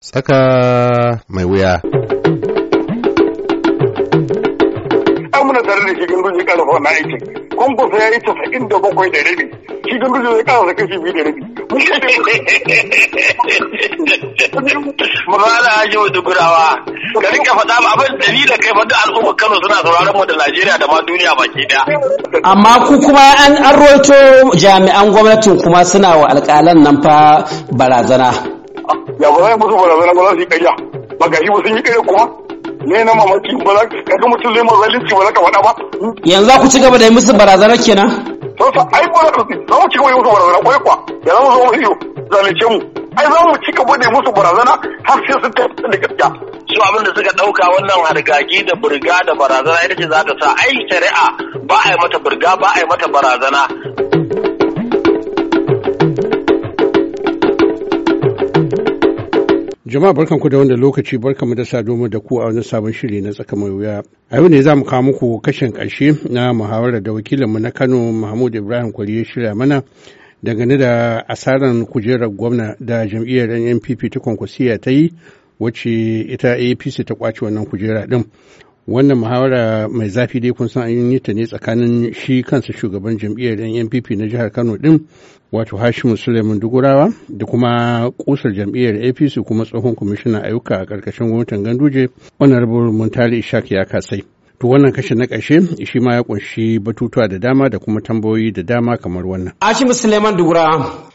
Saka mai wuya. Amina tare da shigin gandun ya fa na aikin. Kwamfusa ya yi tasa'in da bakwai da rabi. Shigin gandun ya ƙarfa kashi biyu da rabi. Mala Haji wa Dugurawa, ka rinka faɗa ma abin da ni da kai faɗi al'umma Kano suna sauraron mu da Najeriya da ma duniya baki ɗaya. Amma ku kuma an roto jami'an gwamnatin kuma suna wa alƙalan nan fa barazana. ya ba za yi musu barazana ba za su yi ƙarya ba ga shi ba sun yi ƙarya kuma ne na mamaki ba za ka ga mutum zai zalunci ba za ka faɗa ba. yanzu za ku ci gaba da yi musu barazana kenan. sa ai ba za mu ci gaba da yi musu barazana kwai kwa ya za mu zo mu iyo zalice mu ai za mu ci gaba da yi musu barazana har sai sun tafi da gaskiya. su abin da suka ɗauka wannan hargagi da burga da barazana ita ce za ta sa ai shari'a ba a yi mata burga ba a yi mata barazana Jama'a barkanku da wanda lokaci barkanmu da saduwa da ku a wani sabon shiri na tsaka mai wuya. A yau ne za mu kawo muku kashin ƙarshe na muhawarar da wakilinmu na Kano Mahmud Ibrahim Kwari ya shirya mana dangane da asarar kujerar gwamna da jam'iyyar NPP ta kwankwasiya ta yi wacce ita APC ta kwace wannan kujera din. wannan muhawara mai zafi dai kun san an yi ta ne tsakanin shi kansa shugaban jam'iyyar NPP na jihar Kano din wato Hashimu Suleiman Dugurawa da kuma kusar jam'iyyar APC kuma tsohon kwamishinan ayyuka a karkashin gwamnatin Ganduje Honorable Muntali Ishaq ya kasai. To wannan kashe na ƙarshe shi ma ya kunshi batutuwa da dama da kuma tambayoyi da dama kamar wannan. Hashimu Suleiman Dugurawa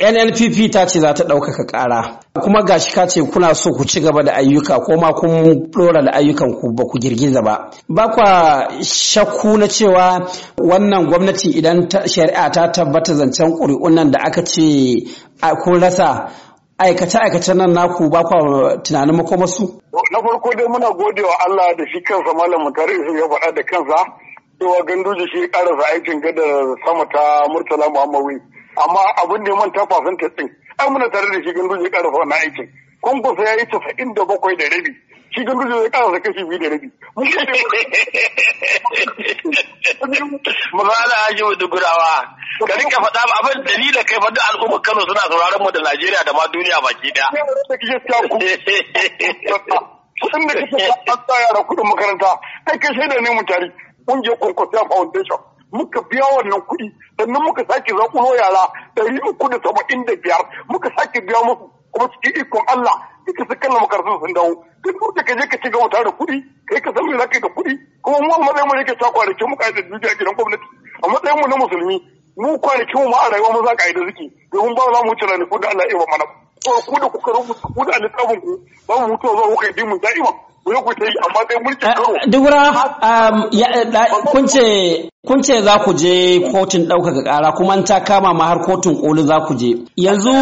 NNPP ta ce za ta ɗaukaka ƙara kuma gashi ka ce kuna so ku ci gaba da ayyuka ko ma kun ɗora da ayyukan ku ba ku girgiza ba. Ba kwa shakku na cewa wannan gwamnati idan shari'a ta tabbata zancen ƙuri'un nan da aka ce kun rasa aikace-aikacen nan naku ba kwa tunanin makomarsu? Na farko dai muna gode wa Allah da shi kansa Malam Mutare ya faɗa da kansa cewa da shi ƙarasa aikin gadar sama ta Murtala Muhammadu. amma abin da ya manta percentage din ai muna tare da shi ganduje karfa wannan aikin kwankwasa ya yi casa'in da bakwai da rabi shi ganduje ya karasa kashi biyu da rabi. Mala Haji Dugurawa, ka rinka faɗa ba abin dalila kai faɗi al'ummar Kano suna sauraron mu da Najeriya da ma duniya baki ɗaya. Kuɗin da kake an tsaya da kuɗin makaranta, kai kai da ne mu tare, ƙungiyar Kwankwasa Foundation. muka biya wannan kuɗi sannan muka sake zaƙulo yara ɗari uku da saba'in da biyar muka sake biya musu kuma cikin ikon Allah duka su kalla makarantun sun dawo duk da ka je ka ci gaba tare da kuɗi kai ka san me za ka yi da kuɗi kuma mu amma zai mu ne ka ta kwanaki ka yi da duniya gidan gwamnati a matsayin mu na musulmi mu kwanaki mu ma a rayuwa mu za ka yi da ziki domin ba za mu wuce ranaku da Allah ya wa mana ko ku da kuka rubuta ku da littafin ku ba mu mutuwa za ku ta yi amma dai dimin karo. Eh, dubura um, kun ce Kun ce za ku je kotun ɗaukaka ƙara kuma ta kama ma har kotun ƙoli za ku je. Yanzu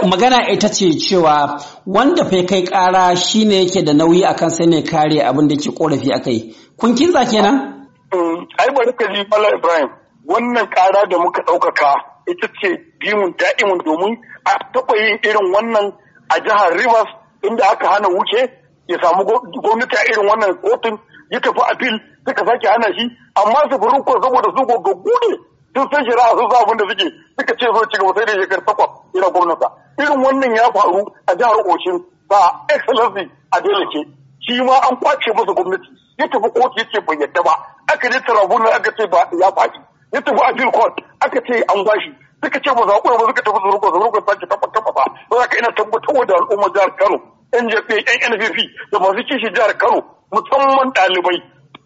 magana ita ce cewa wanda fai kai ƙara shi ne yake da nauyi a kan sai ne kare abin da ke ƙorafi a kai. Kun kinza kenan? Mm, ai bari ka ji Mala Ibrahim wannan ƙara da muka ɗaukaka ita ce bimun da'imun domin a taɓa yin irin wannan a jihar Rivers inda aka hana wuce ya samu gwamnati a irin wannan kotun ya tafi apil suka sake hana shi amma sufurin ko saboda su gogaggu ne sun san shari'a sun sa abin da suke suka ce zo cigaba sai da shekaru takwas ina gwamnata irin wannan ya faru a jihar Oshin ba excellency a Delake shi ma an kwace masa gwamnati ya tafi kotu ce bai yadda ba aka je na aka ce ba ya faɗi ya tafi appeal court aka ce an bashi suka ce ba za ku ba suka tafi zuruko zuruko sake tabbata ba za ka ina tabbatar da al'ummar jihar Kano NJP NPP da masu kishi jihar Kano musamman ɗalibai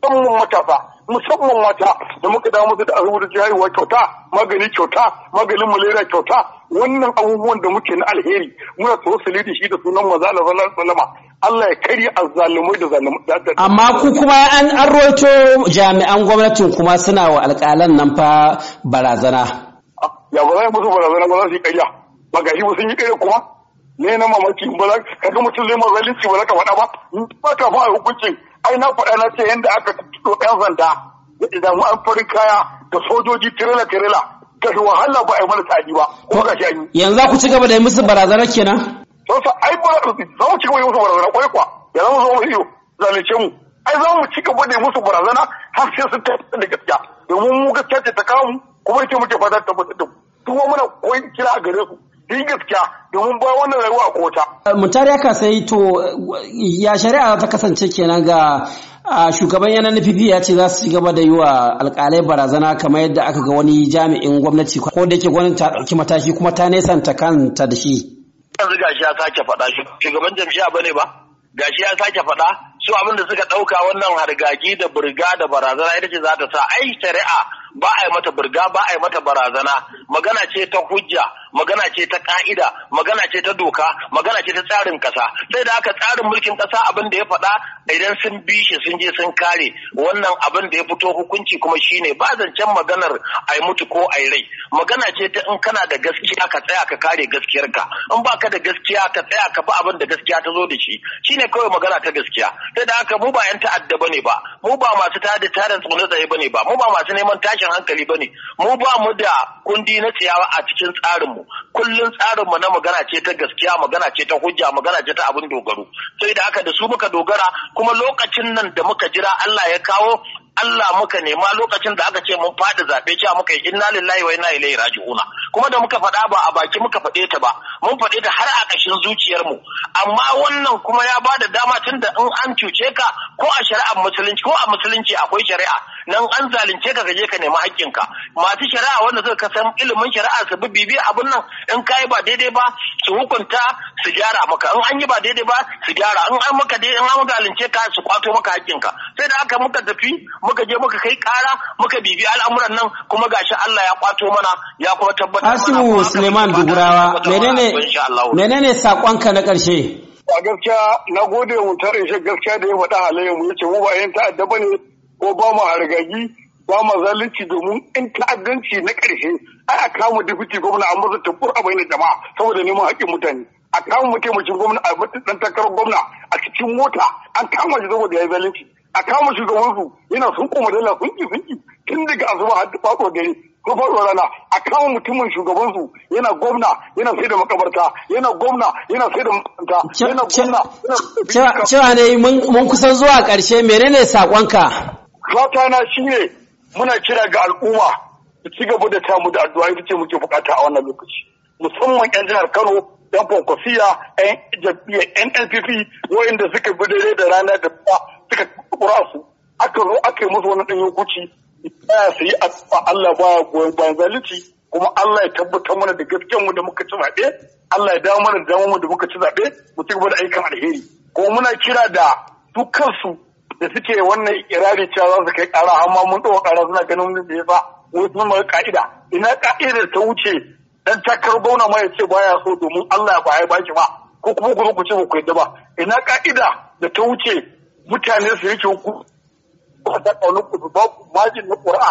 musamman matasa musamman mata da muka da musu da arhudu haihuwa kyauta magani kyauta maganin malaria kyauta wannan abubuwan da muke na alheri muna tsoro su lidi shi da sunan maza da salama Allah ya kari azzalumai da zalumai amma ku kuma an arwato jami'an gwamnatin kuma suna wa alƙalan nan fa barazana ya ba za musu barazana ba za su yi ƙarya ba ga shi sun yi ƙarya kuma ne na mamaki ba za ka ga mutum zai mazalinci ba za ka faɗa ba ba ka fa hukunci ai na faɗa na ce yadda aka tuto ɗan zanda da idan an farin kaya da sojoji tirela tirela ka wahala ba a yi mana tsadi ba ko ga shi yanzu za ku ci gaba da yi musu barazana kenan to sa ai ba za mu ci gaba da yi musu barazana kwai kwa ya zama zo mu iyo zalunce mu ai za mu ci gaba da yi musu barazana har sai sun tafi da gaskiya domin mu gaskiya ce ta kawo kuma ita muke fata ta mutu ta tuwa muna koyi kira a gare su din gaskiya domin ba wannan rayuwa kota. Mutare ya sai to ya shari'a ta kasance kenan ga shugaban yanar NPP ya ce za su ci gaba da yi wa alkalai barazana kamar yadda aka ga wani jami'in gwamnati ko da yake gwamnati ta ɗauki mataki kuma ta nesanta kanta da shi. Yanzu gashi ya sake faɗa shugaban jam'iyya ne ba gashi ya sake faɗa su abin da suka ɗauka wannan hargagi da burga da barazana ita ce za ta sa ai shari'a ba a yi mata birga ba a yi mata barazana magana ce ta hujja magana ce ta ka'ida magana ce ta doka magana ce ta tsarin kasa sai da aka tsarin mulkin kasa abin da ya faɗa idan sun bi shi sun je sun kare wannan abin da ya fito hukunci kuma shine ba zancen maganar a yi mutu ko a yi rai magana ce ta in kana da gaskiya ka tsaya ka kare gaskiyarka in baka da gaskiya ka tsaya ka bi abin da gaskiya ta zo da shi shine kawai magana ta gaskiya sai da aka mu ba yan ta'adda bane ba mu ba masu tada tarin tsone tsaye bane ba mu ba masu neman tashi tashin hankali ba ne mu ba mu da kundi na ciyawa a cikin tsarinmu kullum tsarinmu na magana ce ta gaskiya magana ce ta hujja magana ce ta abin dogaro sai da aka da su muka dogara kuma lokacin nan da muka jira Allah ya kawo Allah muka nema lokacin da aka ce mun faɗi zaɓe cewa muka yi inna lillahi wa inna ilaihi raji'una kuma da muka faɗa ba a baki muka faɗe ta ba mun faɗe ta har a ƙashin zuciyarmu amma wannan kuma ya bada dama tun da in an cuce ka ko a shari'ar musulunci ko a musulunci akwai shari'a nan an zalunce ka ka je ka nemi haƙƙinka masu shari'a wanda suka san ilimin shari'a su bi bibi abin nan in ka yi ba daidai ba su hukunta su gyara maka in an yi ba daidai ba su gyara in an maka daidai in an zalunce ka su kwato maka haƙƙinka sai da aka muka tafi muka je muka kai ƙara muka bibi al'amuran nan kuma gashi Allah ya kwato mana ya kuma tabbatar Asimu Suleiman Dugurawa menene menene sakonka na ƙarshe a gaskiya na gode mutarin shi gaskiya da ya faɗa halayen mu yace mu ba yin ta'adda ne ko ba mu hargagi ba mu zalunci domin in ta'addanci na ƙarshe ai a kama dafiti gwamna a ta tafur a na jama'a saboda neman haƙƙin mutane a kama taimakin gwamna a dan takarar gwamna a cikin mota an kama shi saboda ya yi zalunci a kama shugabansu yana sun koma dala kunki kunki tun daga asuba har fatso dare ko fatso rana a kama mutumin shugabansu yana gwamna yana sai da makabarta yana gwamna yana sai da makabarta yana gwamna cewa ne mun kusan zuwa ƙarshe menene saƙonka fatana na shine muna kira ga al'umma su ci gaba da tamu da addu'a ita ce muke bukata a wannan lokaci musamman yan jihar Kano yan Fokofiya yan jam'iyyar NNPP wanda suka bi daidai da rana da ba suka kura su aka zo aka yi musu wani ɗanyen kuci ya su yi Allah baya goyon bayan zalunci kuma Allah ya tabbatar mana da gaskiyar mu da muka ci zaɓe Allah ya dawo mana da damar mu da muka ci zaɓe mu ci gaba da ayyukan alheri kuma muna kira da dukkan su da suke wannan irari cewa za su kai ƙara amma mun ɗaukar ƙara suna ganin da ya mu wasu mara ka'ida ina ka'idar ta wuce dan takar bauna ma ya ce baya so domin Allah ba ya baki ba ko kuma ku ku ce ku yadda ba ina ka'ida da ta wuce mutane su yake ku ta kaunin ku ba majin na qur'a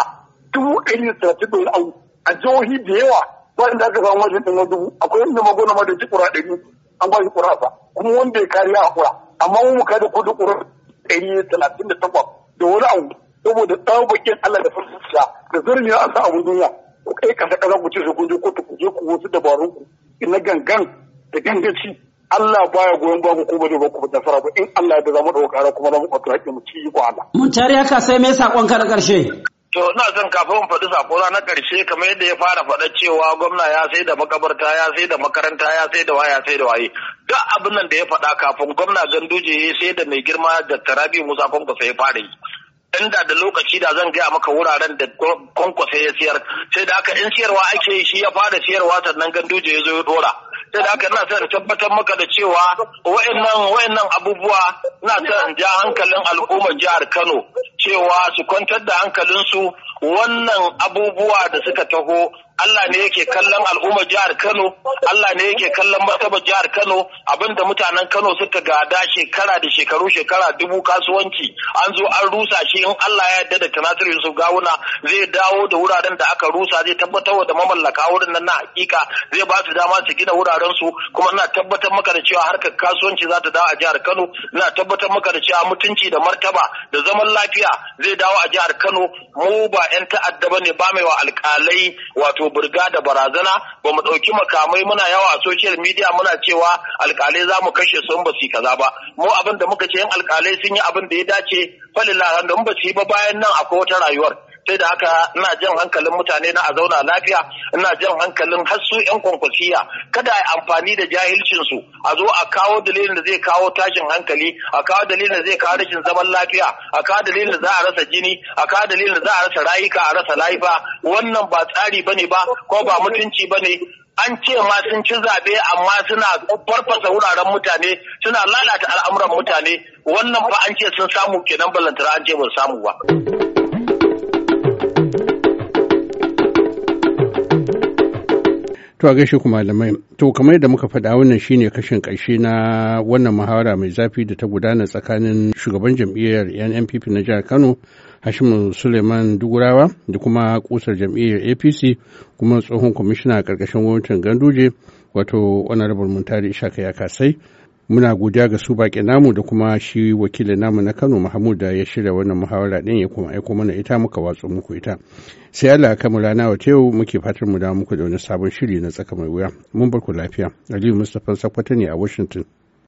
dubu ɗari da talatin da au a jihohi da yawa ba inda aka samu majin ɗin dubu akwai inda magona ma da ci qur'a ɗari an ba shi qur'a ba kuma wanda ya kariya a qur'a amma mu ka da kudu qur'a ɗari talatin da takwas da wani abu saboda bakin Allah da farfasa da zarmiya a sa duniya ku kai kasa kasa ku sa su kun je kotu ku je ku wasu dabarun ku na gangan da gangaci Allah baya goyon babu kuma da ba ku nasara ba in Allah ya da zamu dauka kuma zamu kwato hakkin mu ci ko Allah mun tare haka sai me sakon ka na karshe To ina son kafin in faɗi sako na ƙarshe kamar yadda ya fara faɗa cewa gwamna ya sai da makabarta ya sai da makaranta ya sai da waya sai da waye. Duk abin nan da ya faɗa kafin gwamna ganduje ya sai da mai girma da tarabi Musa Kwankwasa ya fara yi. Inda da lokaci da zan gaya maka wuraren da Kwankwasa ya siyar sai da aka in siyarwa ake yi shi ya fara siyarwa sannan ganduje ya zo ya dora. sai da haka ina son tabbatar maka da cewa wa'annan wa'annan abubuwa ina son ja hankalin al'ummar jihar Kano cewa su kwantar da hankalinsu wannan abubuwa da suka taho Allah ne yake kallon al'ummar jihar Kano, Allah ne yake kallon martabar jihar Kano, abinda mutanen Kano suka gada shekara da shekaru shekara dubu kasuwanci an zo an rusa shi in Allah ya yarda da Tanatir Yusuf Gawuna zai dawo da wuraren da aka rusa zai tabbatar da mamallaka wurin nan na hakika zai ba su dama su gina wuraren su kuma ina tabbatar maka da cewa harkar kasuwanci za ta dawo a jihar Kano, ina tabbatar maka da cewa mutunci da martaba da zaman lafiya zai dawo a jihar Kano mu ba 'yan ta'adda ne, ba mai wa alkalai wato burga da barazana ba mu ɗauki makamai muna yawa a social media muna cewa alkalai za mu kashe sun ba su kaza ba mu abin da muka ce yan alkalai sun yi abin da ya dace falilla da mu ba su yi ba bayan nan akwai wata rayuwar sai da haka ina jan hankalin mutane na a zauna lafiya ina jan hankalin har yan kwankwasiya kada a amfani da jahilcin su a zo a kawo dalilin da zai kawo tashin hankali a kawo dalilin da zai kawo rashin zaman lafiya a kawo dalilin da za a rasa jini a kawo dalilin da za a rasa rayuka a rasa laifa wannan ba tsari bane ba ko ba mutunci bane an ce ma sun ci zaɓe amma suna farfasa wuraren mutane suna lalata al'amuran mutane wannan ba an ce sun samu kenan balantana an ce ba samu ba. To a gaishe ku malamai, to kamar yadda muka faɗa wannan shine kashin ƙarshe na wannan muhawara mai zafi da ta gudana tsakanin shugaban jam'iyyar NNPP na jihar Kano, Hashimu Suleiman Dugurawa da kuma ƙusar jam'iyyar APC kuma tsohon kwamishina a ƙarƙashin gwamnatin Ganduje wato Honorable Muntari Ishaka ya kasai. muna godiya ga su baƙi namu da kuma shi wakilin namu na kano mahmud da ya shirya wannan muhawara ɗin ya kuma aiko mana ita muka watsa muku ita sai allah ka mu rana wa yau muke fatan mu da muku da wani sabon shiri na tsaka mai wuya mun barku lafiya aliyu mustapha sakwata ne a washington